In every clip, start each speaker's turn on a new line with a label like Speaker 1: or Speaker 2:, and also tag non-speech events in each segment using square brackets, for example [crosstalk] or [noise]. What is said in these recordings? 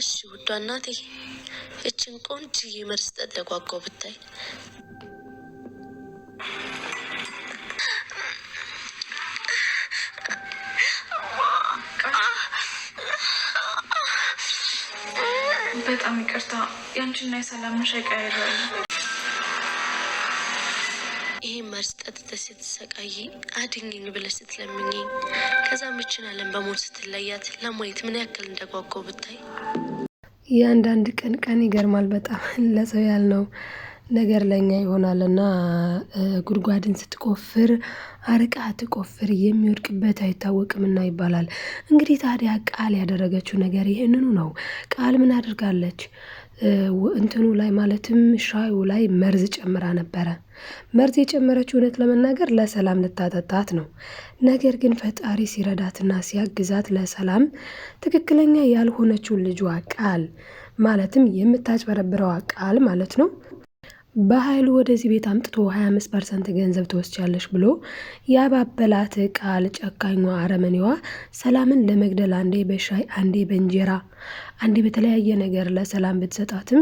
Speaker 1: እሺ ውዷ እናቴ እችን ቆንጅዬ መርስ ጠጓጓው ብታይ
Speaker 2: በጣም ይቅርታ ያንቺና የሰላም መሸቃ ያለ
Speaker 1: ይህ መርዝ ጠጥተሽ ስትሰቃይ አድኝኝ ብለሽ ስትለምኝኝ ከዛ ምችን አለም በሞት ስትለያት ለማየት ምን ያክል እንደጓጓው ብታይ
Speaker 2: የአንዳንድ ቀን ቀን ይገርማል በጣም [laughs] ለሰው ያልነው ነገር ለኛ ይሆናል እና ጉድጓድን ስትቆፍር አርቃ ትቆፍር የሚወድቅበት አይታወቅምና ይባላል። እንግዲህ ታዲያ ቃል ያደረገችው ነገር ይህንኑ ነው። ቃል ምን አድርጋለች? እንትኑ ላይ ማለትም ሻዩ ላይ መርዝ ጨምራ ነበረ። መርዝ የጨመረችው እውነት ለመናገር ለሰላም ልታጠጣት ነው። ነገር ግን ፈጣሪ ሲረዳትና ሲያግዛት ለሰላም ትክክለኛ ያልሆነችውን ልጇ ቃል ማለትም የምታጭበረብረዋ ቃል ማለት ነው በኃይሉ ወደዚህ ቤት አምጥቶ 25 ፐርሰንት ገንዘብ ትወስጃለሽ ብሎ ያባበላት ቃል ጨካኟ አረመኔዋ ሰላምን ለመግደል አንዴ በሻይ አንዴ በእንጀራ አንዴ በተለያየ ነገር ለሰላም ብትሰጣትም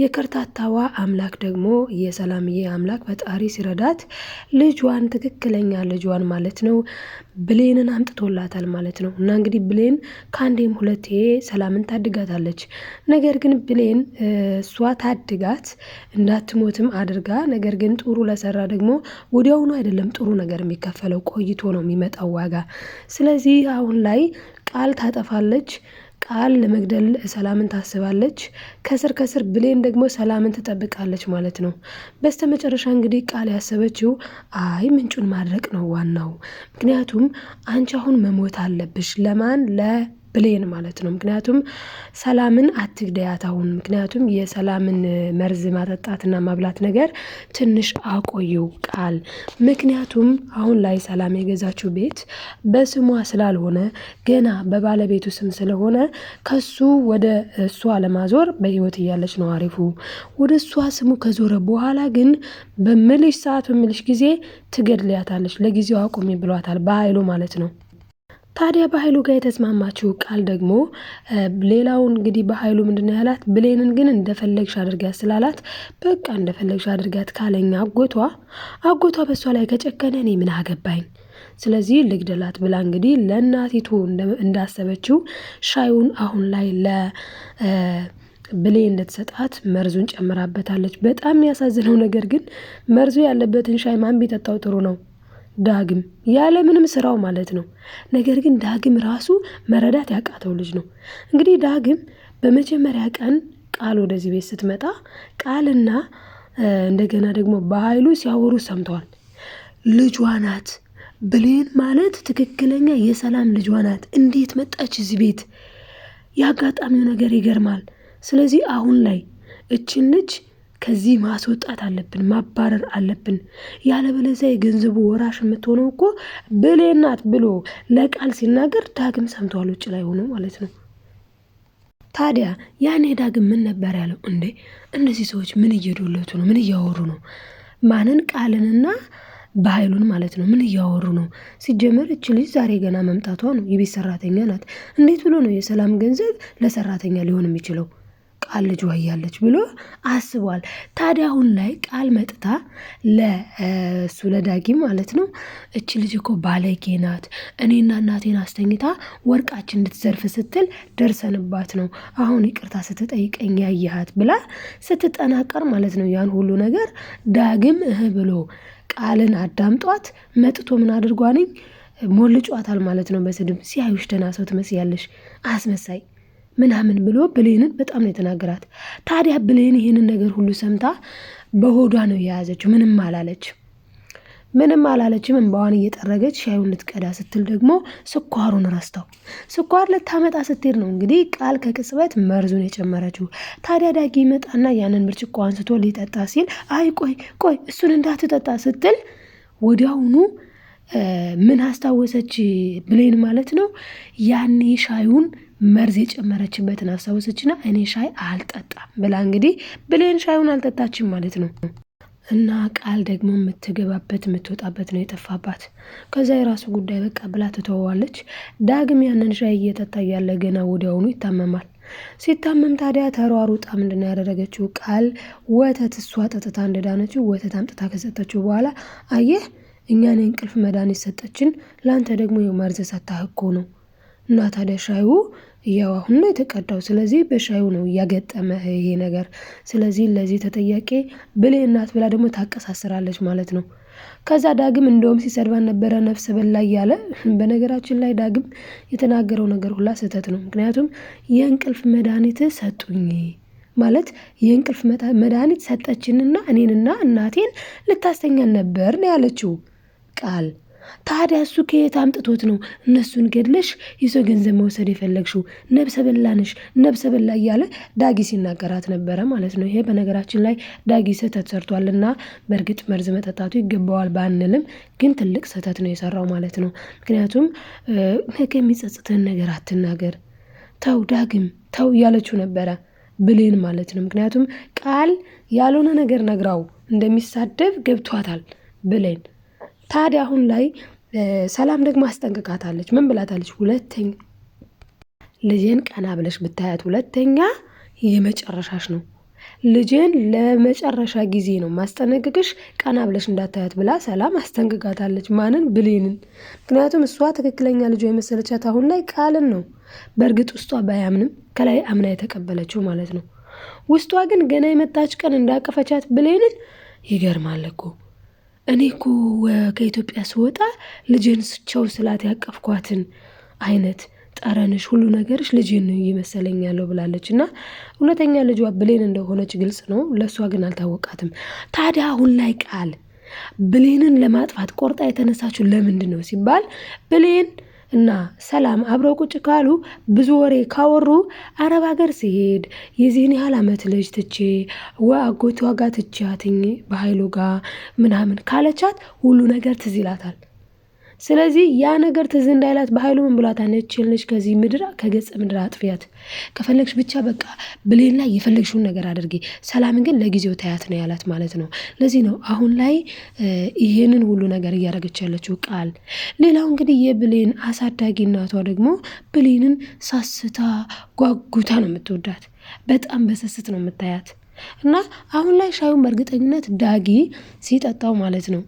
Speaker 2: የከርታታዋ አምላክ ደግሞ የሰላምዬ አምላክ ፈጣሪ ሲረዳት ልጇን ትክክለኛ ልጇን ማለት ነው ብሌንን አምጥቶላታል ማለት ነው። እና እንግዲህ ብሌን ከአንዴም ሁለቴ ሰላምን ታድጋታለች። ነገር ግን ብሌን እሷ ታድጋት እንዳትሞትም አድርጋ ነገር ግን ጥሩ ለሰራ ደግሞ ወዲያውኑ አይደለም ጥሩ ነገር የሚከፈለው ቆይቶ ነው የሚመጣው ዋጋ። ስለዚህ አሁን ላይ ቃል ታጠፋለች። ቃል ለመግደል ሰላምን ታስባለች። ከስር ከስር ብሌን ደግሞ ሰላምን ትጠብቃለች ማለት ነው። በስተመጨረሻ እንግዲህ ቃል ያሰበችው አይ ምንጩን ማድረቅ ነው ዋናው። ምክንያቱም አንቺ አሁን መሞት አለብሽ ለማን ለ ብሌን ማለት ነው። ምክንያቱም ሰላምን አትግደያት አሁን። ምክንያቱም የሰላምን መርዝ ማጠጣትና ማብላት ነገር ትንሽ አቆየው ቃል። ምክንያቱም አሁን ላይ ሰላም የገዛችው ቤት በስሟ ስላልሆነ ገና በባለቤቱ ስም ስለሆነ ከሱ ወደ እሷ ለማዞር በህይወት እያለች ነው አሪፉ። ወደ እሷ ስሙ ከዞረ በኋላ ግን በምልሽ ሰዓት በምልሽ ጊዜ ትገድልያታለች። ለጊዜው አቁሚ ብሏታል በኃይሉ ማለት ነው። ታዲያ በኃይሉ ጋር የተስማማችው ቃል ደግሞ ሌላውን እንግዲህ በኃይሉ ምንድነው ያላት ብሌንን ግን እንደፈለግሽ አድርጋት ስላላት በቃ እንደፈለግሽ አድርጋት ካለኝ አጎቷ አጎቷ በሷ ላይ ከጨከነ እኔ ምን አገባኝ ስለዚህ ልግደላት ብላ እንግዲህ ለእናቲቱ እንዳሰበችው ሻዩን አሁን ላይ ለ ብሌ እንደተሰጣት መርዙን ጨምራበታለች። በጣም የሚያሳዝነው ነገር ግን መርዙ ያለበትን ሻይ ማን ቢጠጣው ጥሩ ነው? ዳግም ያለምንም ስራው ማለት ነው። ነገር ግን ዳግም ራሱ መረዳት ያቃተው ልጅ ነው። እንግዲህ ዳግም በመጀመሪያ ቀን ቃል ወደዚህ ቤት ስትመጣ ቃልና እንደገና ደግሞ በኃይሉ ሲያወሩ ሰምተዋል። ልጇ ናት ብሌን ማለት ትክክለኛ የሰላም ልጇ ናት። እንዴት መጣች እዚህ ቤት? የአጋጣሚው ነገር ይገርማል። ስለዚህ አሁን ላይ እችን ልጅ ከዚህ ማስወጣት አለብን፣ ማባረር አለብን። ያለበለዚያ የገንዘቡ ወራሽ የምትሆነው እኮ ብሌ ናት ብሎ ለቃል ሲናገር ዳግም ሰምተዋል፣ ውጭ ላይ ሆኖ ማለት ነው። ታዲያ ያኔ ዳግም ምን ነበር ያለው? እንዴ እነዚህ ሰዎች ምን እየዶለቱ ነው? ምን እያወሩ ነው? ማንን? ቃልንና በኃይሉን ማለት ነው። ምን እያወሩ ነው? ሲጀመር እች ልጅ ዛሬ ገና መምጣቷ ነው። የቤት ሰራተኛ ናት። እንዴት ብሎ ነው የሰላም ገንዘብ ለሰራተኛ ሊሆን የሚችለው? ቃል ልጅ ዋያለች ብሎ አስቧል። ታዲያ አሁን ላይ ቃል መጥታ ለእሱ ለዳጊ ማለት ነው እች ልጅ እኮ ባለጌ ናት፣ እኔና እናቴን አስተኝታ ወርቃችን እንድትዘርፍ ስትል ደርሰንባት ነው አሁን ይቅርታ ስትጠይቀኝ ያየሃት ብላ ስትጠናቀር ማለት ነው ያን ሁሉ ነገር ዳግም እህ ብሎ ቃልን አዳምጧት መጥቶ ምን አድርጓንኝ ሞልጯታል ማለት ነው በስድብ ሲያዩሽ ደህና ሰው ትመስያለሽ አስመሳይ ምናምን ብሎ ብሌንን በጣም ነው የተናገራት። ታዲያ ብሌን ይህንን ነገር ሁሉ ሰምታ በሆዷ ነው የያዘችው። ምንም አላለች ምንም አላለችም። እንባዋን እየጠረገች ሻዩን ልትቀዳ ስትል ደግሞ ስኳሩን ረስተው ስኳር ልታመጣ ስትሄድ ነው እንግዲህ ቃል ከቅጽበት መርዙን የጨመረችው። ታዲያ ዳጊ ይመጣና ያንን ብርጭቆ አንስቶ ሊጠጣ ሲል አይ ቆይ ቆይ እሱን እንዳትጠጣ ስትል ወዲያውኑ ምን አስታወሰች ብሌን ማለት ነው ያኔ ሻዩን መርዝ የጨመረችበትን አስታወሰችና እኔ ሻይ አልጠጣም ብላ እንግዲህ ብሌን ሻዩን አልጠጣችም ማለት ነው። እና ቃል ደግሞ የምትገባበት የምትወጣበት ነው የጠፋባት። ከዛ የራሱ ጉዳይ በቃ ብላ ትተወዋለች። ዳግም ያንን ሻይ እየጠጣ እያለ ገና ወዲያውኑ ይታመማል። ሲታመም ታዲያ ተሯሩጣ ምንድን ነው ያደረገችው? ቃል ወተት እሷ ጠጥታ እንደዳነችው ወተት አምጥታ ከሰጠችው በኋላ አየህ እኛን እንቅልፍ መድኃኒት ሰጠችን፣ ለአንተ ደግሞ የመርዝ ሰታህ እኮ ነው እና ታዲያ ሻዩ ያው አሁን ነው የተቀዳው። ስለዚህ በሻዩ ነው እያገጠመ ይሄ ነገር። ስለዚህ ለዚህ ተጠያቂ ብልህ እናት ብላ ደግሞ ታቀሳስራለች ማለት ነው። ከዛ ዳግም እንደውም ሲሰድባን ነበረ ነፍሰ በላ እያለ። [laughs] በነገራችን ላይ ዳግም የተናገረው ነገር ሁላ ስህተት ነው። ምክንያቱም የእንቅልፍ መድኃኒት ሰጡኝ ማለት የእንቅልፍ መድኃኒት ሰጠችንና እኔንና እናቴን ልታስተኛን ነበር ነው ያለችው ቃል ታዲያ እሱ ከየት አምጥቶት ነው እነሱን ገድለሽ የሰው ገንዘብ መውሰድ የፈለግሽው? ነብሰ በላንሽ ነብሰ በላ እያለ ዳጊ ሲናገራት ነበረ ማለት ነው። ይሄ በነገራችን ላይ ዳጊ ስህተት ሰርቷል እና በእርግጥ መርዝ መጠጣቱ ይገባዋል ባንልም፣ ግን ትልቅ ስህተት ነው የሰራው ማለት ነው። ምክንያቱም ነገ የሚጸጽትህን ነገር አትናገር፣ ተው ዳግም ተው እያለችው ነበረ ብሌን ማለት ነው። ምክንያቱም ቃል ያልሆነ ነገር ነግራው እንደሚሳደብ ገብቷታል ብሌን ታዲያ አሁን ላይ ሰላም ደግሞ አስጠንቅቃታለች። ምን ብላታለች? ሁለተኛ ልጄን ቀና ብለሽ ብታያት ሁለተኛ የመጨረሻሽ ነው ልጄን ለመጨረሻ ጊዜ ነው ማስጠነቅቅሽ፣ ቀና ብለሽ እንዳታያት ብላ ሰላም አስጠንቅቃታለች። ማንን? ብሌንን። ምክንያቱም እሷ ትክክለኛ ልጇ የመሰለቻት አሁን ላይ ቃልን ነው። በእርግጥ ውስጧ ባያምንም ከላይ አምና የተቀበለችው ማለት ነው። ውስጧ ግን ገና የመጣች ቀን እንዳቀፈቻት ብሌንን ይገርማል እኮ እኔ እኮ ከኢትዮጵያ ስወጣ ልጄን ስቸው ስላት ያቀፍኳትን አይነት ጠረንሽ፣ ሁሉ ነገርሽ ልጄን ይመሰለኛለሁ ብላለች እና እውነተኛ ልጇ ብሌን እንደሆነች ግልጽ ነው። ለእሷ ግን አልታወቃትም። ታዲያ አሁን ላይ ቃል ብሌንን ለማጥፋት ቆርጣ የተነሳችው ለምንድን ነው ሲባል ብሌን እና ሰላም አብረው ቁጭ ካሉ ብዙ ወሬ ካወሩ አረብ ሀገር ሲሄድ የዚህን ያህል አመት ልጅ ትቼ አጎቷ ጋር ትቼያትኝ በሀይሉ ጋር ምናምን ካለቻት ሁሉ ነገር ትዝ ይላታል። ስለዚህ ያ ነገር ትዝ እንዳይላት በኃይሉ ምን ብሏታል? ከዚህ ምድር ከገጸ ምድር አጥፊያት፣ ከፈለግሽ ብቻ በቃ ብሌን ላይ የፈለግሽውን ነገር አድርጌ ሰላምን ግን ለጊዜው ታያት ነው ያላት ማለት ነው። ለዚህ ነው አሁን ላይ ይሄንን ሁሉ ነገር እያደረገች ያለችው ቃል። ሌላው እንግዲህ የብሌን አሳዳጊ እናቷ ደግሞ ብሌንን ሳስታ ጓጉታ ነው የምትወዳት። በጣም በስስት ነው የምታያት እና አሁን ላይ ሻዩን በእርግጠኝነት ዳጊ ሲጠጣው ማለት ነው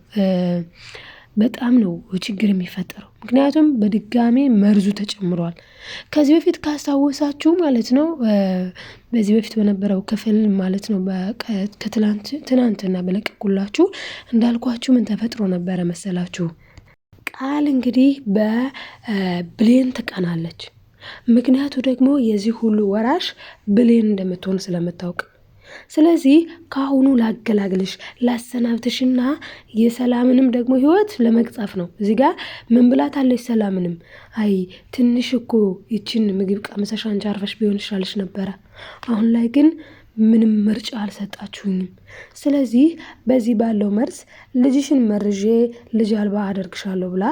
Speaker 2: በጣም ነው ችግር የሚፈጠረው። ምክንያቱም በድጋሜ መርዙ ተጨምሯል። ከዚህ በፊት ካስታወሳችሁ ማለት ነው በዚህ በፊት በነበረው ክፍል ማለት ነው ትናንትና በለቀቁላችሁ እንዳልኳችሁ ምን ተፈጥሮ ነበረ መሰላችሁ? ቃል እንግዲህ በብሌን ትቀናለች። ምክንያቱ ደግሞ የዚህ ሁሉ ወራሽ ብሌን እንደምትሆን ስለምታውቅ ስለዚህ ከአሁኑ ላገላግልሽ ላሰናብትሽና የሰላምንም ደግሞ ህይወት ለመግጻፍ ነው። እዚህ ጋር ምን ብላታለች? ሰላምንም አይ ትንሽ እኮ ይችን ምግብ ቀምሰሽ አንቺ አርፈሽ ቢሆን ይሻልሽ ነበረ። አሁን ላይ ግን ምንም ምርጫ አልሰጣችሁኝም። ስለዚህ በዚህ ባለው መርስ ልጅሽን መርዤ ልጅ አልባ አደርግሻለሁ ብላ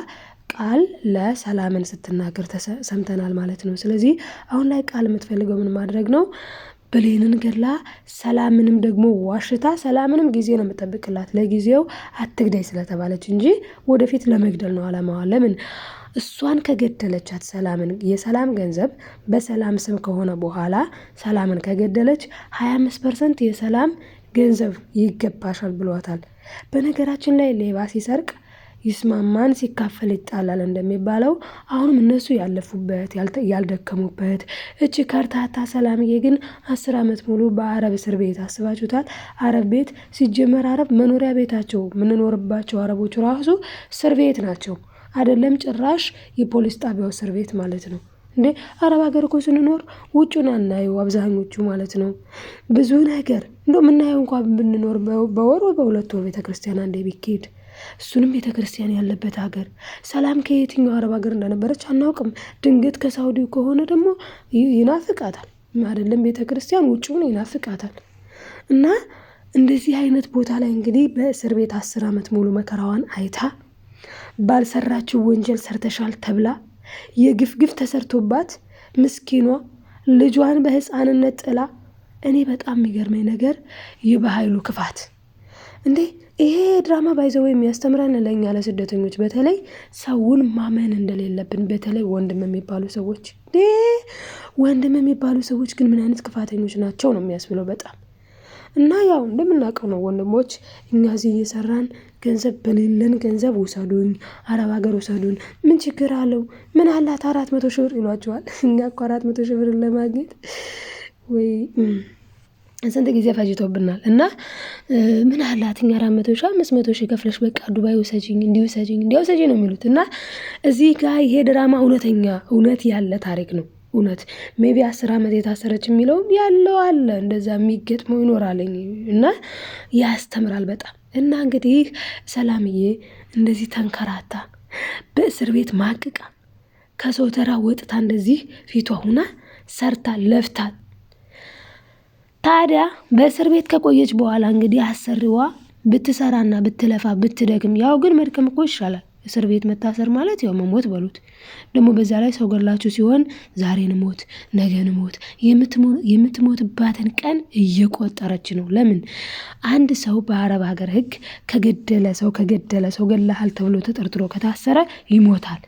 Speaker 2: ቃል ለሰላምን ስትናገር ሰምተናል ማለት ነው። ስለዚህ አሁን ላይ ቃል የምትፈልገው ምን ማድረግ ነው? ብሌንን ገላ ሰላምንም ደግሞ ዋሽታ ሰላምንም ጊዜ ነው የምጠብቅላት ለጊዜው አትግዳይ ስለተባለች እንጂ ወደፊት ለመግደል ነው አላማዋ። ለምን እሷን ከገደለቻት ሰላምን የሰላም ገንዘብ በሰላም ስም ከሆነ በኋላ ሰላምን ከገደለች 25 ፐርሰንት የሰላም ገንዘብ ይገባሻል ብሏታል። በነገራችን ላይ ሌባ ሲሰርቅ ይስማማን ሲካፈል ይጣላል እንደሚባለው አሁንም እነሱ ያለፉበት ያልደከሙበት። እቺ ከርታታ ሰላምዬ ግን አስር ዓመት ሙሉ በአረብ እስር ቤት አስባችሁታል። አረብ ቤት ሲጀመር አረብ መኖሪያ ቤታቸው የምንኖርባቸው አረቦቹ ራሱ እስር ቤት ናቸው። አይደለም ጭራሽ የፖሊስ ጣቢያው እስር ቤት ማለት ነው። እንዴ አረብ ሀገር እኮ ስንኖር ውጩን አናየው አብዛኞቹ ማለት ነው። ብዙ ነገር እንደ ምናየው እንኳ ብንኖር በወር በሁለት ወር ቤተክርስቲያን አንዴ ቢኬድ እሱንም ቤተ ክርስቲያን ያለበት ሀገር። ሰላም ከየትኛው አረብ ሀገር እንደነበረች አናውቅም። ድንገት ከሳውዲው ከሆነ ደግሞ ይናፍቃታል፣ አይደለም ቤተ ክርስቲያን ሆነ ይናፍቃታል እና እንደዚህ አይነት ቦታ ላይ እንግዲህ በእስር ቤት አስር ዓመት ሙሉ መከራዋን አይታ ባልሰራችው ወንጀል ሰርተሻል ተብላ የግፍ ግፍ ተሰርቶባት ምስኪኗ ልጇን በህፃንነት ጥላ እኔ በጣም የሚገርመኝ ነገር የበኃይሉ ክፋት እንዴ ይሄ ድራማ ባይዘው የሚያስተምረን ለኛ ለስደተኞች በተለይ ሰውን ማመን እንደሌለብን፣ በተለይ ወንድም የሚባሉ ሰዎች ወንድም የሚባሉ ሰዎች ግን ምን አይነት ክፋተኞች ናቸው ነው የሚያስብለው በጣም እና ያው እንደምናውቀው ነው ወንድሞች፣ እኛ እዚህ እየሰራን ገንዘብ በሌለን ገንዘብ ውሰዱኝ፣ አረብ ሀገር ውሰዱን፣ ምን ችግር አለው? ምን አላት አራት መቶ ሺህ ብር ይሏቸዋል። እኛ እኮ አራት መቶ ሺህ ለማግኘት ወይ ስንት ጊዜ ፈጅቶብናል እና ምን አላት እኛ አራት መቶ ሺ አምስት መቶ ሺ ከፍለሽ በቃ ዱባይ ውሰጅኝ እንዲህ ውሰጅኝ እንዲያ ውሰጅኝ ነው የሚሉት እና እዚህ ጋ ይሄ ድራማ እውነተኛ እውነት ያለ ታሪክ ነው። እውነት ሜቢ አስር ዓመት የታሰረች የሚለውም ያለው አለ እንደዛ የሚገጥመው ይኖራል እና ያስተምራል በጣም እና እንግዲህ ሰላምዬ እንደዚህ ተንከራታ በእስር ቤት ማቅቃ ከሰው ተራ ወጥታ እንደዚህ ፊቷ ሁና ሰርታ ለፍታ ታዲያ በእስር ቤት ከቆየች በኋላ እንግዲህ አሰሪዋ ብትሰራና ብትለፋ ብትደክም፣ ያው ግን መድከም እኮ ይሻላል። እስር ቤት መታሰር ማለት ያው መሞት በሉት። ደግሞ በዛ ላይ ሰው ገላችሁ ሲሆን ዛሬን ሞት ነገን ሞት የምትሞትባትን ቀን እየቆጠረች ነው። ለምን አንድ ሰው በአረብ ሀገር ህግ ከገደለ ሰው ከገደለ ሰው ገላሃል ተብሎ ተጠርጥሮ ከታሰረ ይሞታል።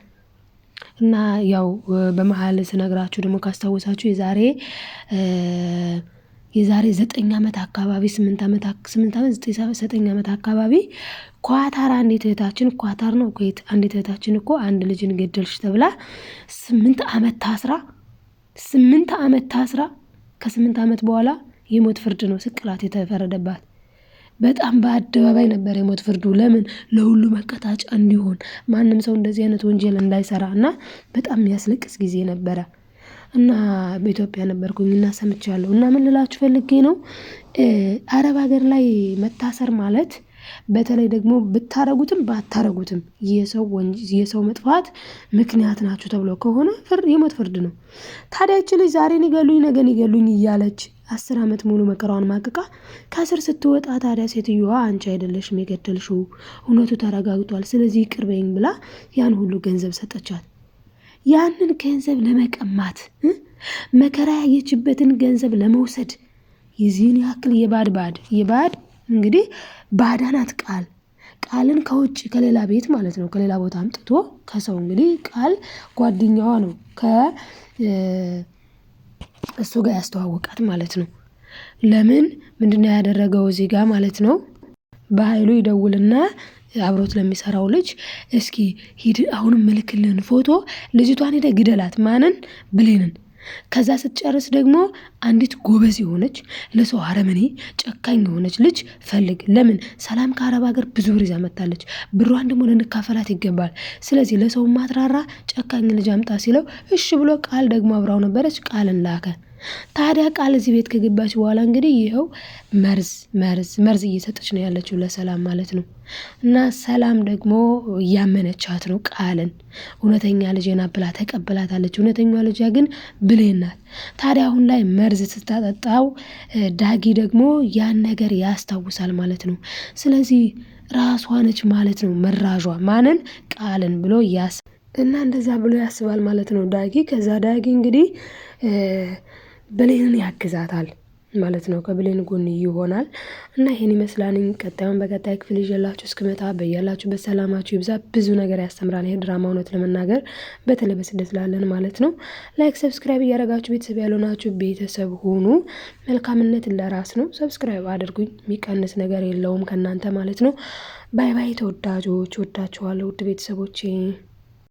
Speaker 2: እና ያው በመሀል ስነግራችሁ ደግሞ ካስታወሳችሁ የዛሬ የዛሬ ዘጠኝ ዓመት አካባቢ ስምንት ዓመት ስምንት ዓመት ዘጠኝ ዓመት አካባቢ ኳታር አንድ እህታችን ኳታር ነው ኩዌት አንድ እህታችን እኮ አንድ ልጅን ገደልሽ ተብላ ስምንት ዓመት ታስራ ስምንት ዓመት ታስራ ከስምንት ዓመት በኋላ የሞት ፍርድ ነው ስቅላት የተፈረደባት። በጣም በአደባባይ ነበር የሞት ፍርዱ። ለምን ለሁሉ መቀጣጫ እንዲሆን ማንም ሰው እንደዚህ አይነት ወንጀል እንዳይሰራ እና በጣም የሚያስለቅስ ጊዜ ነበረ። እና በኢትዮጵያ ነበርኩኝ እና ሰምቻለሁ እና ምን ልላችሁ ፈልጌ ነው። አረብ ሀገር ላይ መታሰር ማለት በተለይ ደግሞ ብታረጉትም ባታረጉትም የሰው የሰው መጥፋት ምክንያት ናችሁ ተብሎ ከሆነ ፍርድ የሞት ፍርድ ነው። ታዲያ ይቺ ልጅ ዛሬን ይገሉኝ ነገን ይገሉኝ እያለች አስር አመት ሙሉ መከራዋን ማቅቃ ከእስር ስትወጣ ታዲያ ሴትዮዋ አንቺ አይደለሽም የገደልሽው እውነቱ ተረጋግጧል፣ ስለዚህ ይቅር በይኝ ብላ ያን ሁሉ ገንዘብ ሰጠቻት። ያንን ገንዘብ ለመቀማት መከራ ያየችበትን ገንዘብ ለመውሰድ የዚህን ያክል የባድ ባድ የባድ እንግዲህ ባዳናት ናት ቃል ቃልን ከውጭ ከሌላ ቤት ማለት ነው ከሌላ ቦታ አምጥቶ ከሰው እንግዲህ ቃል ጓደኛዋ ነው ከእሱ ጋር ያስተዋወቃት ማለት ነው። ለምን ምንድነው ያደረገው እዚህ ጋር ማለት ነው? በኃይሉ ይደውልና አብሮት ለሚሰራው ልጅ እስኪ ሂድ አሁንም መልክልን ፎቶ ልጅቷን ሄደ ግደላት ማንን ብሌንን ከዛ ስትጨርስ ደግሞ አንዲት ጎበዝ የሆነች ለሰው አረመኔ ጨካኝ የሆነች ልጅ ፈልግ። ለምን ሰላም ከአረብ ሀገር ብዙ ብር ይዛ ብሯን ደግሞ ልንካፈላት ይገባል። ስለዚህ ለሰው ማትራራ ጨካኝ ልጅ አምጣ ሲለው እሺ ብሎ ቃል ደግሞ አብራው ነበረች። ቃልን ላከ። ታዲያ ቃል እዚህ ቤት ከገባች በኋላ እንግዲህ ይኸው መርዝ መርዝ መርዝ እየሰጠች ነው ያለችው ለሰላም ማለት ነው። እና ሰላም ደግሞ እያመነቻት ነው ቃልን እውነተኛ ልጅ ብላ ተቀብላታለች። እውነተኛ ልጅ ግን ብሌናት ታዲያ አሁን ላይ መርዝ ስታጠጣው ዳጊ ደግሞ ያን ነገር ያስታውሳል ማለት ነው። ስለዚህ ራሷ ነች ማለት ነው መራዧ ማንን ቃልን ብሎ እያስ እና እንደዛ ብሎ ያስባል ማለት ነው ዳጊ። ከዛ ዳጊ እንግዲህ ብሌንን ያግዛታል ማለት ነው። ከብሌን ጎን ይሆናል እና ይሄን ይመስላል። ቀጣዩን በቀጣይ ክፍል ይዤላችሁ እስክመጣ በያላችሁ በሰላማችሁ ይብዛ። ብዙ ነገር ያስተምራል ይሄ ድራማ እውነት ለመናገር በተለይ በስደት ላለን ማለት ነው። ላይክ፣ ሰብስክራይብ እያደረጋችሁ ቤተሰብ ያልሆናችሁ ቤተሰብ ሆኑ። መልካምነት ለራስ ነው። ሰብስክራይብ አድርጉኝ። የሚቀንስ ነገር የለውም ከእናንተ ማለት ነው። ባይ ባይ ተወዳጆች፣ ወዳችኋለሁ ውድ ቤተሰቦቼ።